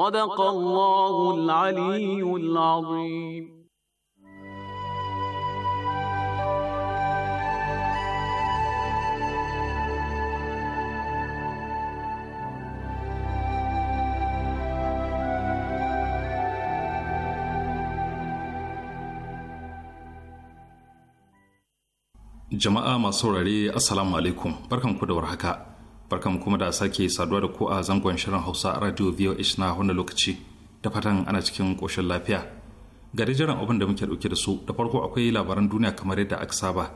صدق الله العلي العظيم jama'a masu saurare assalamu alaikum barkanku da warhaka barkan kuma da sake saduwa da ku a zangon shirin hausa radio voh na wannan lokaci da fatan ana cikin koshin lafiya ga jiran abin da muke dauke da su da farko akwai labaran duniya kamar yadda aka saba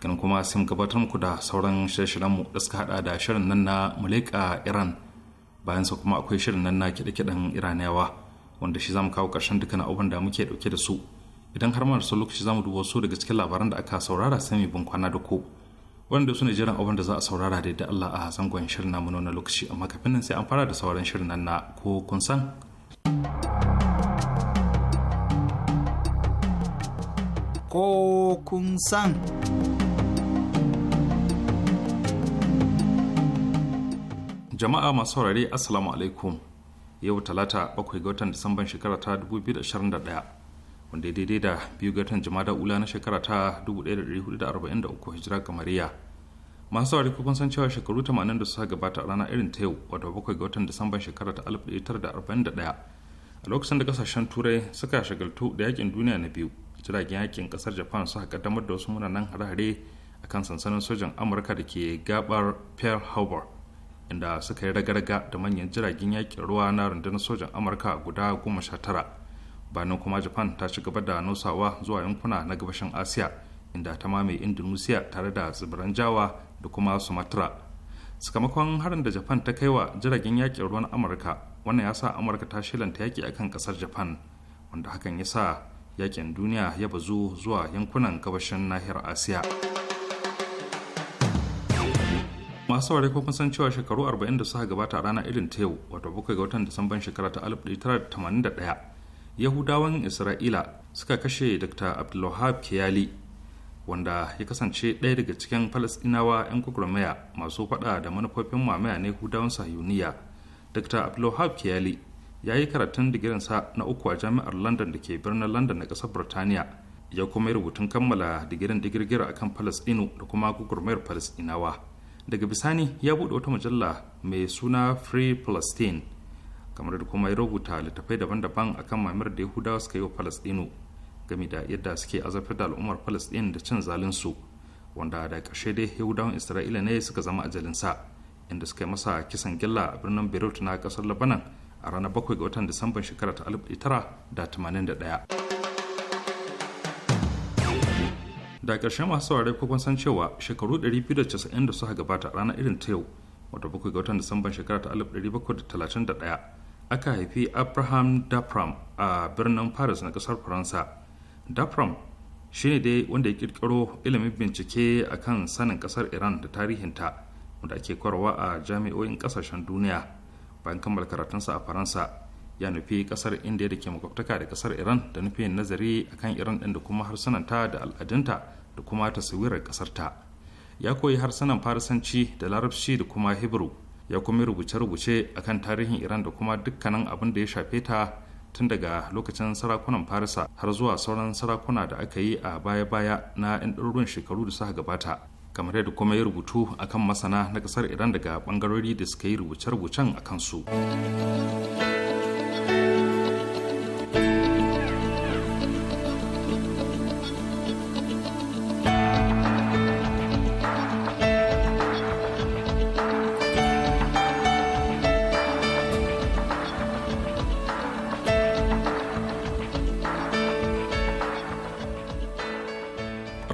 kan kuma sai mu gabatar muku da sauran shirye-shiryen mu da suka hada da shirin nan na muleka iran bayan sa kuma akwai shirin nan na kiɗe-kiɗen iraniyawa wanda shi zamu kawo karshen dukkan abin da muke dauke da su idan har ma su lokaci zamu duba su daga cikin labaran da aka saurara sai mu bin kwana da ku wanda su ne jiran abin da za a saurara da Allah a zangon shirin namu na lokaci amma kafin nan sai an fara da sauran shirin nan na ko kun san ko kun san jama'a masu saurare assalamu alaikum yau talata bakwai ga watan disamban shekara ta 2021 wanda daidai da biyu ga watan jama'a ula na shekara ta 1443 hijira kamariya masu saurari kun san cewa shekaru 80 da suka gabata a rana irin ta yau wato bakwai ga watan disamban shekara ta 1941 a lokacin da kasashen turai suka shagaltu da yakin duniya na biyu jiragen yakin kasar japan suka kaddamar da wasu munanan hare-hare kan sansanin sojan amurka da ke gabar pearl harbor inda suka yi ragaraga da manyan jiragen yakin ruwa na rundunar sojan amurka guda goma sha tara banin kuma japan ta ci gaba da nosawa zuwa yankuna na gabashin asiya inda ta mame indonesia tare da tsibiran jawa da kuma sumatra sakamakon harin da japan ta kai wa jiragen yakin ruwan amurka wannan ya sa amurka ta shilanta yaki akan kasar japan wanda hakan ya sa yakin duniya ya bazu zuwa yankunan gabashin nahiyar asiya masu saurari kuma san cewa shekaru 40 da suka gabata a ranar irin ta yau wato bakwai ga watan disamban shekara ta 1981 yahudawan isra'ila suka kashe dr abdulwahab kiyali wanda ya kasance ɗaya daga cikin falasɗinawa 'yan gwagwarmaya masu faɗa da manufofin mamaya na yahudawan sahiyuniya dr abdulwahab kiyali ya yi karatun digirinsa na uku a jami'ar london da ke birnin london na ƙasar burtaniya ya kuma yi rubutun kammala digirin digirgir a kan falasɗinu da kuma gwagwarmayar falasɗinawa daga bisani ya buɗe wata mujalla mai suna free palestine kamar da kuma ya rubuta littattafai daban-daban akan mamir da yahudawa suka yi wa falastinu game da yadda suke azabtar da al'ummar falastin da cin zalinsu wanda da ƙarshe dai yahudawan isra'ila ne suka zama ajalinsa inda suka yi masa kisan gilla a birnin beirut na ƙasar labanan a ranar 7 ga watan disamban shekara ta tara da tamanin da da ƙarshe masu saurare ko kun san cewa shekaru 290 da suka gabata ranar irin ta yau wata bakwai ga watan disamban shekara ta 1731 aka haifi abraham dapram a birnin paris na kasar faransa dapram shine dai wanda ya kirkiro ilimin bincike a kan sanin kasar iran da tarihinta wanda ake kwarwa a jami'o'in kasashen duniya bayan kammala karatunsa a faransa ya nufi kasar india da ke makwabtaka da kasar iran da nufin nazari akan iran din da kuma harsunanta da al'adunta da kuma taswirar kasarta ya koyi harsunan farisanci da larabci da kuma hebrew ya kuma rubuce-rubuce akan tarihin iran da kuma dukkanin abin da ya shafe ta tun daga lokacin sarakunan farisa har zuwa sauran sarakuna da aka yi a baya-baya na 'yan ɗaruruwan shekaru da suka gabata kamar yadda kuma ya rubutu akan masana na ƙasar iran daga ɓangarori da suka yi rubuce-rubucen a su.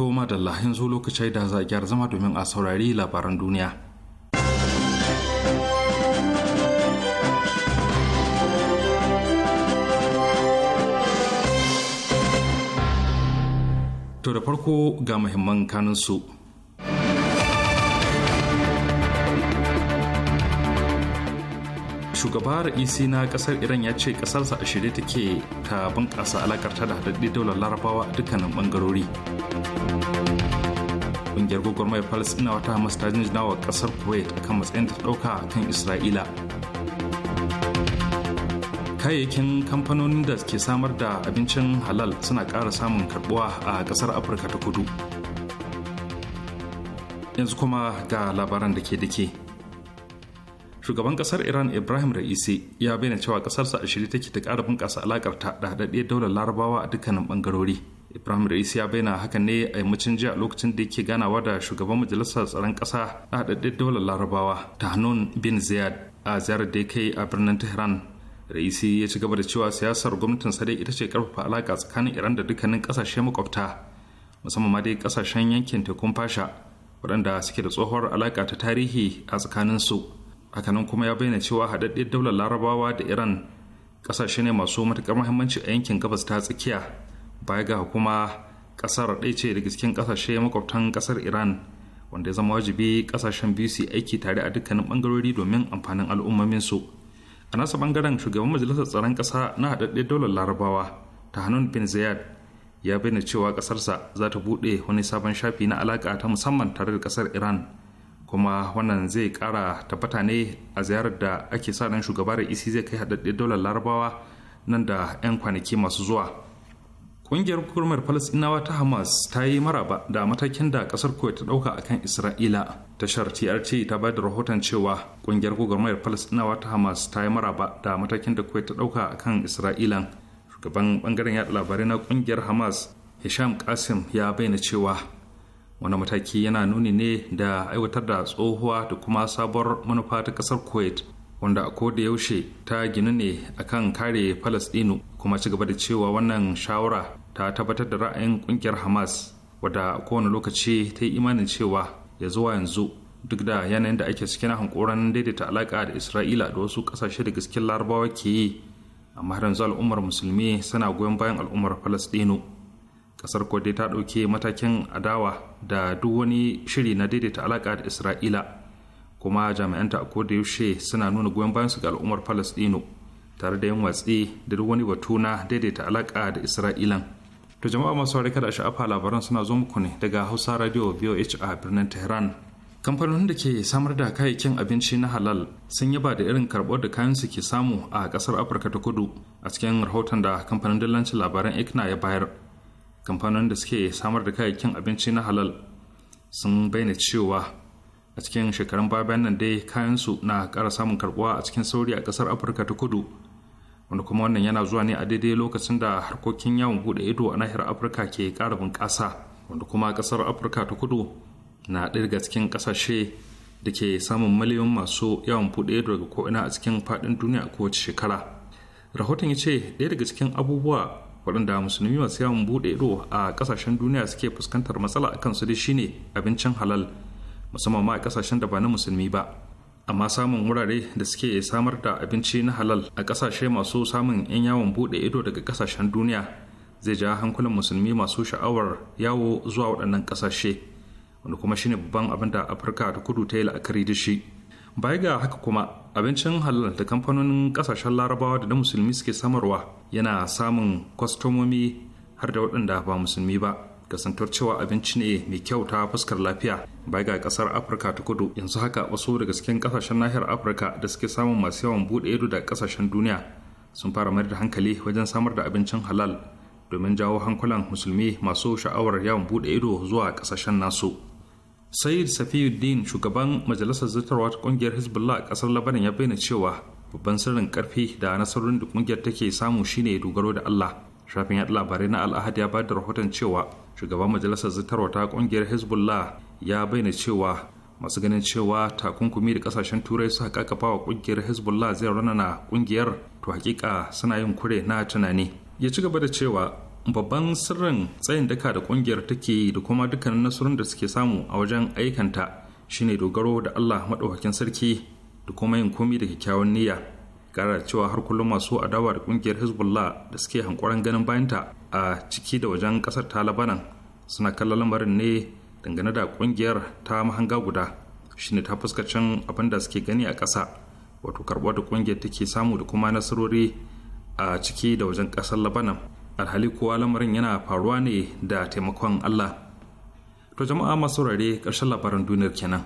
To madalla yanzu lokacin da za a gyara zama domin a saurari labaran duniya. To da farko ga muhimman kanunsu. su. shugabar ec na kasar iran ya ce kasarsa a shirye take ta bunƙasa alakarta da haɗaɗɗe daular larabawa a dukkanin ɓangarori ƙungiyar gwagwarmayar palestina wata hamas ta jinjina wa kasar kuwait kan matsayin ta ɗauka kan isra'ila kayayyakin kamfanonin da ke samar da abincin halal suna ƙara samun karɓuwa a ƙasar afirka ta kudu yanzu kuma ga labaran da ke da dake. shugaban kasar iran ibrahim ra'isi ya bayyana cewa kasarsa a shirye take ta kara bunkasa alakar ta da haɗaɗɗiyar daular larabawa a dukkanin ɓangarori ibrahim ra'isi ya bayyana hakan ne a yammacin jiya lokacin da yake ganawa da shugaban majalisar tsaron kasa da haɗaɗɗiyar daular larabawa ta Hannun bin ziyad a ziyarar da ya kai a birnin tehran raisi ya ci gaba da cewa siyasar gwamnatin sadai ita ce karfafa alaka tsakanin iran da dukkanin kasashe makwabta musamman ma dai kasashen yankin tekun fasha waɗanda suke da tsohuwar alaka ta tarihi a tsakaninsu nan kuma ya bayyana cewa haɗaɗɗiyar daular larabawa da iran ƙasashe ne masu matuƙar mahimmanci a yankin gabas ta tsakiya baya ga kuma ƙasar ɗaya ce daga cikin ƙasashe makwabtan ƙasar iran wanda ya zama wajibi ƙasashen biyu su aiki tare a dukkanin ɓangarori domin amfanin su a nasa ɓangaren shugaban majalisar tsaron ƙasa na haɗaɗɗiyar daular larabawa ta hannun bin zayad ya bayyana cewa ƙasarsa za ta buɗe wani sabon shafi na alaƙa ta musamman tare da ƙasar iran kuma wannan zai kara tabbata ne a ziyarar da ake sa ran shugaba da isi zai kai haɗaɗɗen daular larabawa nan da 'yan kwanaki masu zuwa ƙungiyar hukumar falasɗinawa ta hamas ta yi maraba da matakin da ƙasar kuwait ta ɗauka akan isra'ila tashar trt ta bayar da rahoton cewa ƙungiyar gwagwarmayar falasɗinawa ta hamas ta yi maraba da matakin da kuwait ta ɗauka akan isra'ilan shugaban bangaren yaɗa labarai na ƙungiyar hamas hisham kasim ya bayyana cewa wani mataki yana nuni ne da aiwatar da tsohuwa da kuma sabuwar manufa ta kasar kuwait wanda a da yaushe ta ginu ne akan kare palestino kuma ci gaba da cewa wannan shawara ta tabbatar da ra'ayin kungiyar hamas wadda kowane lokaci ta yi imanin cewa ya zuwa yanzu duk da yanayin da ake cikin hankoran daidaita alaka da isra'ila da wasu kasashe da gaskin larabawa ke yi amma har yanzu al'ummar musulmi suna goyon bayan al'ummar palestino kasar kwade ta ɗauke matakin adawa da duk wani shiri na daidaita alaƙa da isra'ila kuma jami'anta a koda yaushe suna nuna goyon bayansu ga al'ummar palestino tare da yin watsi da duk wani batu na daidaita alaƙa da isra'ilan to jama'a masu harika da sha'afa labaran suna zo muku ne daga hausa radio voh a birnin tehran kamfanonin da ke samar da kayayyakin abinci na halal sun yaba da irin karɓar da kayan su ke samu a ƙasar afirka ta kudu a cikin rahoton da kamfanin dillancin labaran ikna ya bayar kamfanonin da suke samar da kayayyakin abinci na halal sun bayyana cewa a cikin shekarun bayan nan dai kayansu na kara samun karbuwa a cikin sauri a kasar afirka ta kudu wanda kuma wannan yana zuwa ne a daidai lokacin da harkokin yawon bude ido a nahiyar afirka ke kara bunƙasa wanda kuma kasar afirka ta kudu na ɗaya daga cikin ƙasashe da ke samun miliyoyin masu yawon bude ido daga ko'ina a cikin faɗin duniya a kowace shekara rahoton ya ce ɗaya daga cikin abubuwa waɗanda musulmi masu yawon buɗe ido a ƙasashen duniya suke fuskantar matsala a kansu da shine abincin halal musamman ma a ƙasashen da ba na musulmi ba amma samun wurare da suke samar da abinci na halal a ƙasashe masu samun 'yan yawon buɗe ido daga ƙasashen duniya zai ja hankulan musulmi masu sha'awar yawo zuwa waɗannan ƙasashe wanda kuma shine babban abin da afirka ta kudu ta yi la'akari da shi baya ga haka kuma abincin halal da kamfanonin kasashen larabawa da na musulmi suke samarwa yana samun kwastomomi har da waɗanda ba musulmi ba kasantar cewa abinci ne mai kyau ta fuskar lafiya bai ga kasar afirka ta kudu yanzu haka wasu daga cikin kasashen nahiyar afirka da suke samun masu yawan buɗe ido da kasashen duniya sun fara mayar da hankali wajen samar da abincin halal domin jawo hankulan musulmi masu sha'awar yawan buɗe ido zuwa kasashen nasu sayyid safiyuddin shugaban majalisar zartarwa ta kungiyar hezbollah a kasar Lebanon ya bayyana cewa babban sirrin karfi da nasarorin da kungiyar take samu shine dogaro da allah shafin yaɗa labarai na al'ahad ya bada rahoton cewa shugaban majalisar zartarwa ta kungiyar hezbollah ya bayyana cewa masu ganin cewa takunkumi da kasashen turai suka kakkafa wa kungiyar hezbollah zai ranana kungiyar to hakika suna yin kure na tunani ya ci gaba da cewa babban sirrin tsayin daka da kungiyar take yi da kuma dukkanin nasarorin da suke samu a wajen aikanta shine dogaro da Allah maɗaukakin sarki da kuma yin komi da kyakkyawan niyya kara cewa har kullum masu adawa da kungiyar hezbollah da suke hankoran ganin bayanta a ciki da wajen kasar ta labanan suna kallon lamarin ne dangane da kungiyar ta mahanga guda shine ta fuskacin abin da suke gani a ƙasa wato karɓar da kungiyar take samu da kuma nasarori a ciki da wajen ƙasar labanan alhali kuwa lamarin yana faruwa ne da taimakon allah to jama'a masu saurare ƙarshen labaran duniyar kenan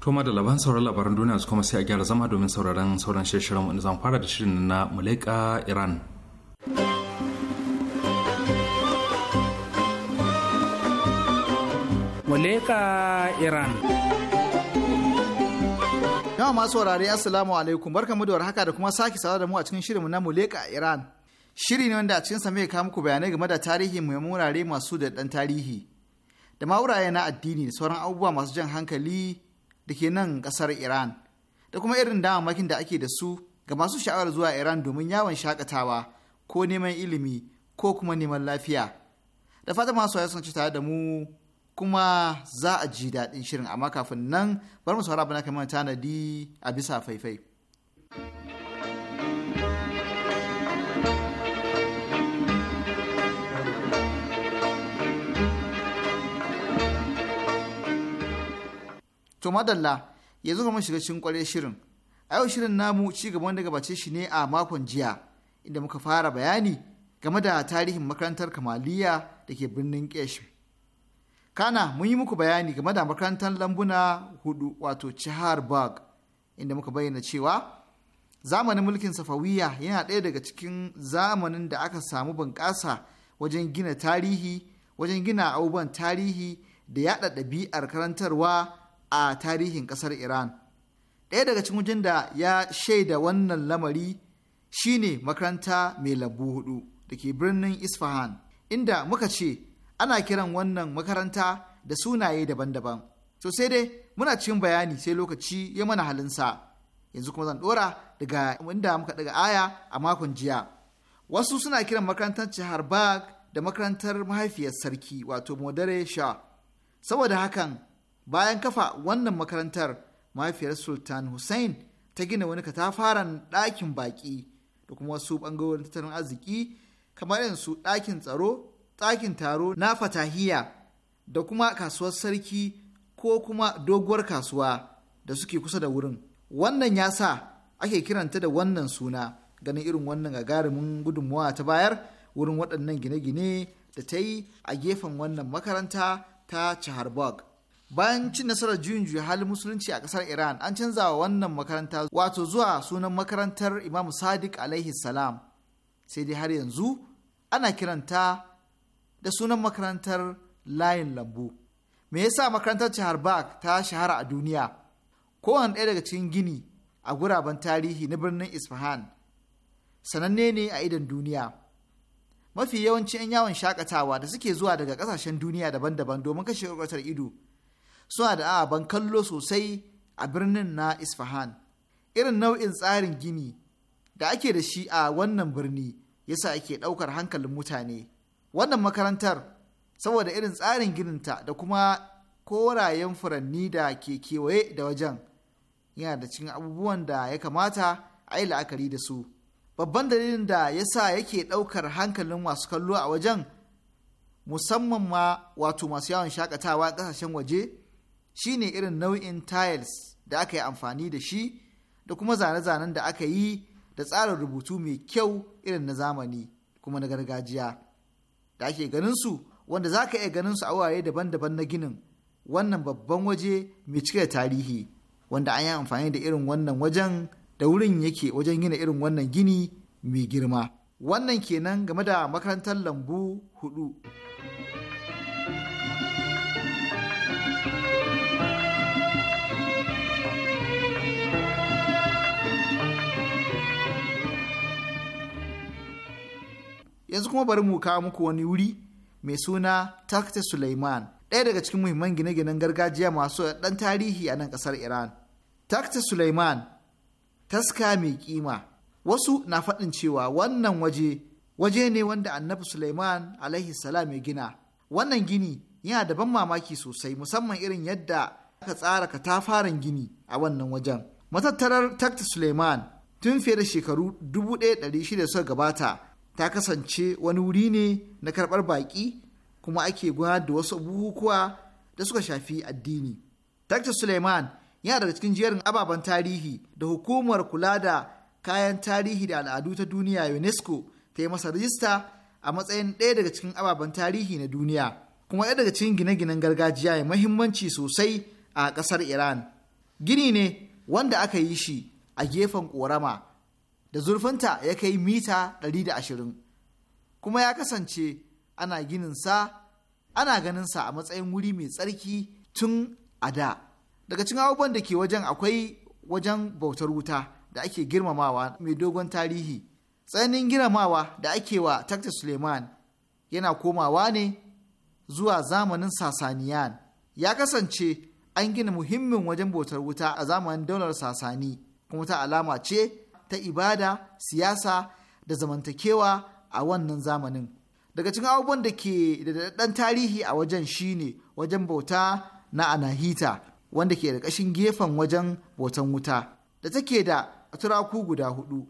Toma da laban sauran labaran duniya su kuma sai a gyara zama domin sauraron sauran shirin wanda zan fara da shirin na Muleka Iran. Muleka Iran. Jama'a masu saurare Assalamu alaikum barkamu da warhaka da kuma sake sawa da mu a cikin shirinmu na Muleka Iran. Shiri ne wanda a cikin sa kawo muku bayanai game da tarihi mai wurare masu da dan tarihi da ma wurare na addini da sauran abubuwa masu jan hankali da ke nan kasar Iran da kuma irin damamakin da ake da su ga masu sha'awar zuwa Iran domin yawon shakatawa ko neman ilimi ko kuma neman lafiya. Da fata masu sun ci tare da mu kuma za a ji daɗin shirin amma kafin nan bar mu saurara bana kamar tanadi a bisa faifai. To madalla yanzu ga mun shiga cikin kwarai shirin. A yau shirin namu ci gaban wanda gabace shi ne a makon jiya inda muka fara bayani game da tarihin makarantar Kamaliya da ke birnin Kesh. kana mun yi muku bayani game da makarantar lambuna hudu wato chihar bag inda muka bayyana cewa zamanin mulkin safawiya yana ɗaya daga cikin zamanin da aka samu bunƙasa wajen gina tarihi wajen gina abubuwan tarihi da yaɗa ɗabi'ar karantarwa a tarihin ƙasar iran ɗaya daga cikin wajen da ya shaida wannan lamari shine makaranta mai lambu hudu da ke birnin isfahan inda muka ce ana kiran wannan makaranta da sunaye daban-daban to sai dai muna cikin bayani sai lokaci ya mana halinsa yanzu kuma zan ɗora daga inda muka daga aya a makon jiya wasu suna kiran makarantar chaharbag da makarantar mahaifiyar sarki wato modare sha saboda hakan bayan kafa wannan makarantar mahaifiyar sultan hussein ta gina wani katafaren ɗakin baƙi da kuma wasu ɓangarorin tattalin arziki kamar yanzu ɗakin tsaro ɗakin taro na fatahiya da kuma kasuwar sarki ko kuma doguwar kasuwa da suke kusa da wurin wannan ya sa ake kiranta da wannan suna ganin irin wannan gagarumin gudunmuwa ta bayar wurin waɗannan gine-gine da ta yi a gefen wannan makaranta ta chaharbog bayan cin nasarar juyin juya halin musulunci a ƙasar iran an canza wa wannan makaranta wato zuwa sunan makarantar imam sadiq alaihi salam sai dai har yanzu ana kiranta da sunan makarantar layin lambu me yasa makarantar jihar bak ta shahara a duniya kowane ɗaya daga cikin gini a guraben tarihi na birnin isfahan sananne ne a idon duniya mafi yawancin 'yan yawon shakatawa da suke zuwa daga ƙasashen duniya daban-daban domin kashe ƙwarƙwatar ido suna da ban kallo sosai a birnin na isfahan irin nau'in tsarin gini da ake da shi a wannan birni yasa ake ɗaukar hankalin mutane wannan makarantar saboda irin tsarin gininta da kuma korayen furanni da ke kewaye da wajen yana da cikin abubuwan da ya kamata a yi la'akari da su babban dalilin da ya sa yake ɗaukar hankalin masu kallo a wajen musamman ma wato masu yawon shakatawa ƙasashen waje shine irin nau'in tiles da aka yi amfani da shi da kuma zane-zanen da aka yi da tsarin rubutu mai kyau irin na zamani kuma na gargajiya. da ake ganin su wanda za ka iya ganin su a wurare daban-daban na ginin wannan babban waje mai cike tarihi wanda an yi amfani da irin wannan wajen da wurin yake wajen gina irin wannan gini mai girma wannan kenan game da makarantar lambu hudu. yanzu kuma bari mu kawo muku wani wuri mai suna takta suleiman ɗaya daga cikin muhimman gine-ginen gargajiya masu ɗan tarihi a nan ƙasar iran takta suleiman taska mai kima wasu na faɗin cewa wannan waje waje ne wanda annabi suleiman alaihi salam ya gina wannan gini yana da ban mamaki sosai musamman irin yadda aka tsara katafaren gini a wannan wajen matattarar takta suleiman tun fiye da shekaru 1600 suka gabata ta kasance wani wuri ne na karɓar baƙi kuma ake gudanar da wasu bukukuwa da suka shafi addini. Dr. Suleiman yana daga cikin jerin ababen tarihi da hukumar kula da kayan tarihi da al'adu ta duniya UNESCO ta yi masa rajista a matsayin ɗaya daga cikin ababen tarihi na duniya kuma ɗaya daga cikin gine-ginen gargajiya mai mahimmanci sosai a ƙasar Iran. Gini ne wanda aka yi shi a gefen ƙorama da zurfinta ya kai mita 120 kuma ya kasance ana gininsa ana ganinsa a matsayin wuri mai tsarki tun a da daga cikin abubuwan da ke wajen akwai wajen bautar wuta da ake girmamawa mai dogon tarihi tsananin girmamawa da ake wa takta suleiman yana komawa ne zuwa zamanin sasaniyan ya kasance an gina muhimmin wajen bautar wuta a zamanin daular sasani kuma ta alama ce ta ibada siyasa da zamantakewa a wannan zamanin daga cikin abubuwan da ke da ɗan tarihi a wajen shine wajen bauta na anahita wanda ke da ƙashin gefen wajen bautan wuta da take da turaku guda hudu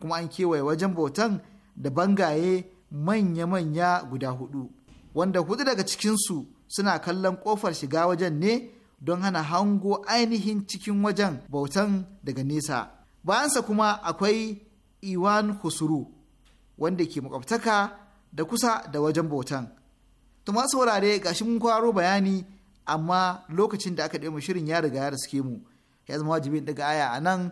kuma an kewaye wajen bautan da bangaye manya-manya guda hudu wanda hudu daga cikinsu suna kallon ƙofar shiga wajen ne don hana hango ainihin cikin wajen bautan daga nesa bayansa kuma akwai iwan husuru wanda ke makwabtaka da kusa da wajen bautan to masu ga shi mun kwaro bayani amma lokacin da aka mu shirin ya riga ya riske mu ya zama wajibin daga aya a nan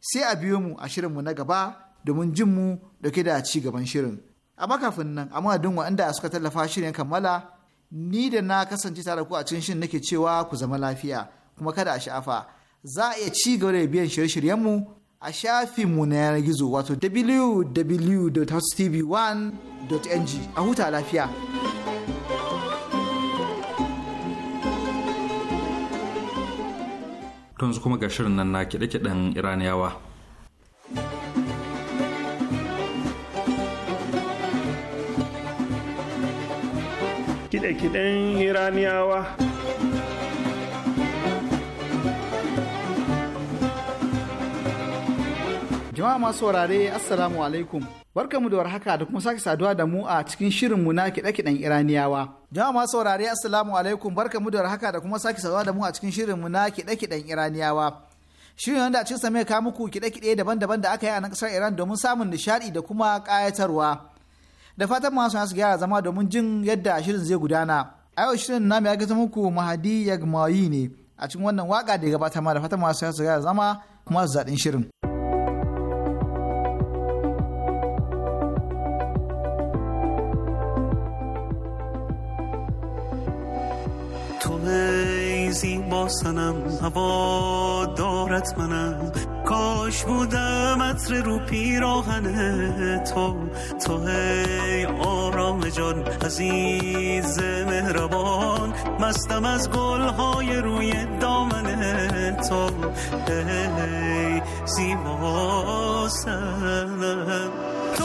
sai a biyo mu a shirinmu na gaba domin jin mu da ke da ci gaban shirin amma kafin nan amma duk wanda suka tallafa shirin kammala ni da na kasance tare ku a cikin shirin nake cewa ku zama lafiya kuma kada a sha'afa za a iya ci gaba da biyan shirye-shiryenmu a shafinmu na yanar gizo wato www.tv1.ng a huta lafiya. yanzu kuma ga shirin nan na kiɗe-kiɗen iraniyawa kiɗe-kiɗen iraniyawa Jama'a masu saurare Assalamu alaikum. Barkamu da warhaka da kuma sake saduwa da mu a cikin shirin mu na kiɗe-kiɗen Iraniyawa. Jama'a masu saurare Assalamu alaikum. Barkamu da warhaka da kuma sake saduwa da mu a cikin shirin mu na kiɗe-kiɗen Iraniyawa. Shirin wanda a cikin sa mai muku kiɗe-kiɗe daban-daban da aka yi a nan ƙasar Iran domin samun nishaɗi da kuma ƙayatarwa. Da fatan masu su gyara zama domin jin yadda shirin zai gudana. A yau shirin namu ya gaza muku Mahadi Yagmayi ne a cikin wannan waka da ya gabata ma da fatan masu su gyara zama kuma zaɗin shirin. چیزی با سنم هوا دارت منم کاش بودم اطر رو پیراهن تو تو هی آرام جان عزیز مهربان مستم از گلهای روی دامن تو هی زیبا سنم تو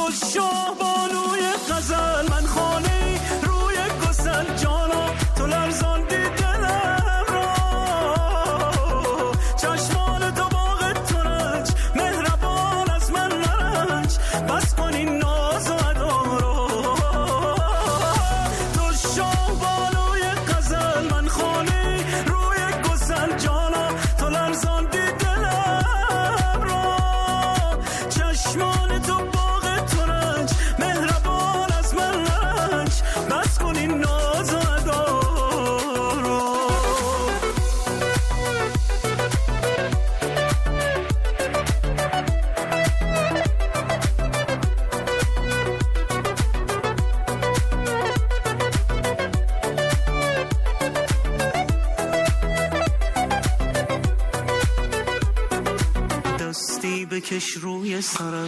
آتش روی سرم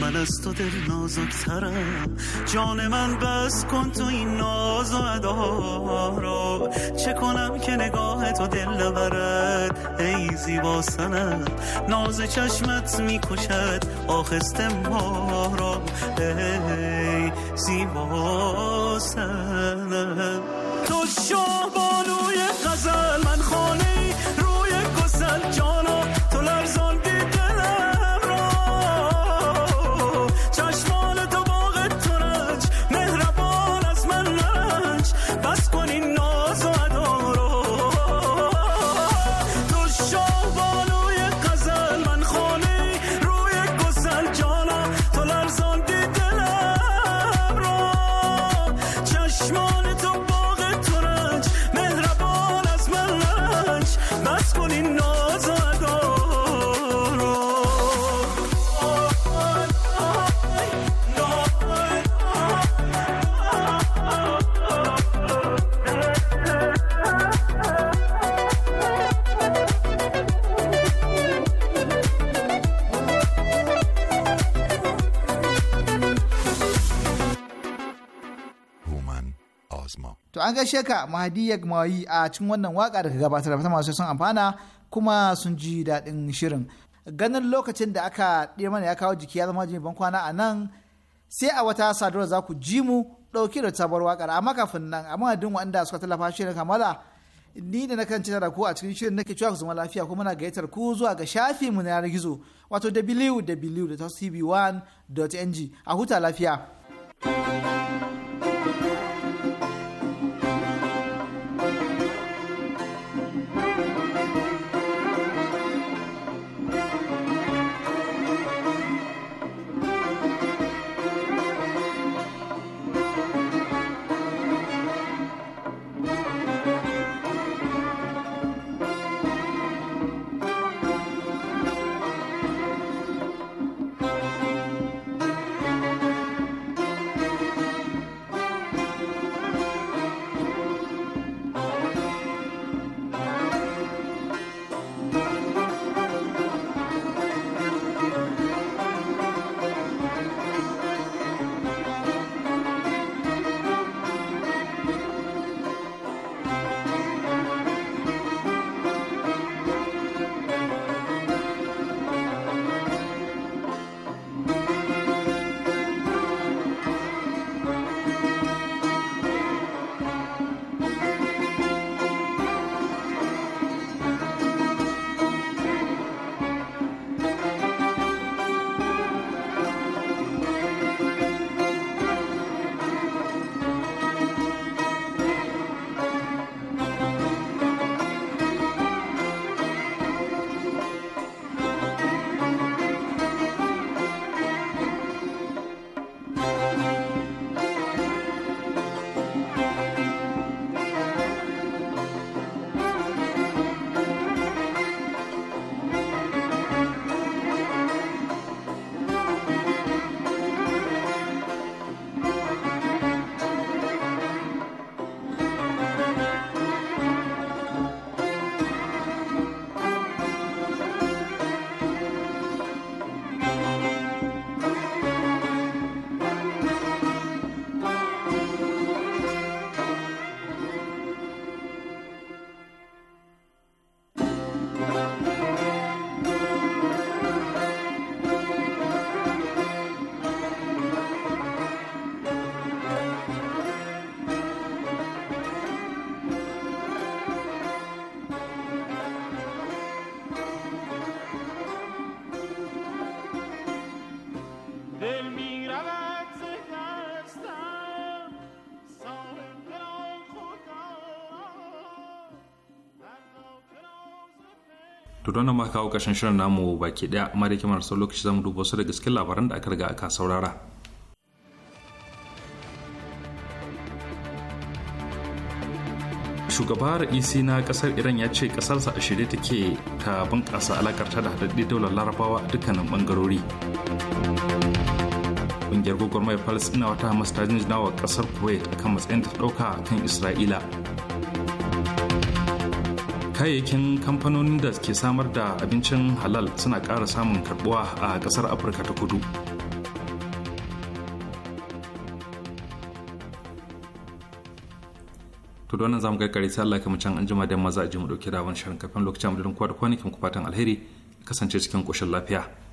من از تو دل نازکترم جان من بس کن تو این ناز و ادا را چه کنم که نگاه تو دل نبرد ای زیبا سنم ناز چشمت میکشد آخست ما را ای زیبا سنم gaishe ka Mahdi Yagmawi a cikin wannan waka da ka gabatar da masu sun amfana kuma sun ji daɗin shirin. Ganin lokacin da aka ɗaya mana ya kawo jiki ya zama jini ban kwana a nan sai a wata sadarwa za ku ji mu ɗauki da sabuwar wakar amma kafin nan amma adin waɗanda suka tallafa shi shirin kamala ni da na kan da ku a cikin shirin nake cewa ku zama lafiya kuma na gayyatar ku zuwa ga shafi mu na yanar gizo wato www.tv1.ng a huta lafiya. to don ma kawo kashin shirin namu baki daya amma da kimar sau lokaci zamu duba wasu da gaske labaran da aka riga aka saurara shugaba ra'isi na kasar iran ya ce kasarsa a shirye take ta bunƙasa alakarta da haɗaɗɗe daular larabawa a dukkanin bangarori ƙungiyar gwagwarmayar palestina wata hamas ta jinjina wa kasar kuwait kan matsayin ta ɗauka kan isra'ila kayayyakin kamfanonin da ke samar da abincin halal suna kara samun karbuwa a kasar afirka ta kudu to don zamu ga kare sai Allah can an jima da maza a ji mu dauki da wani shirin kafin lokacin mu da kwanakin ku fatan alheri kasance cikin koshin lafiya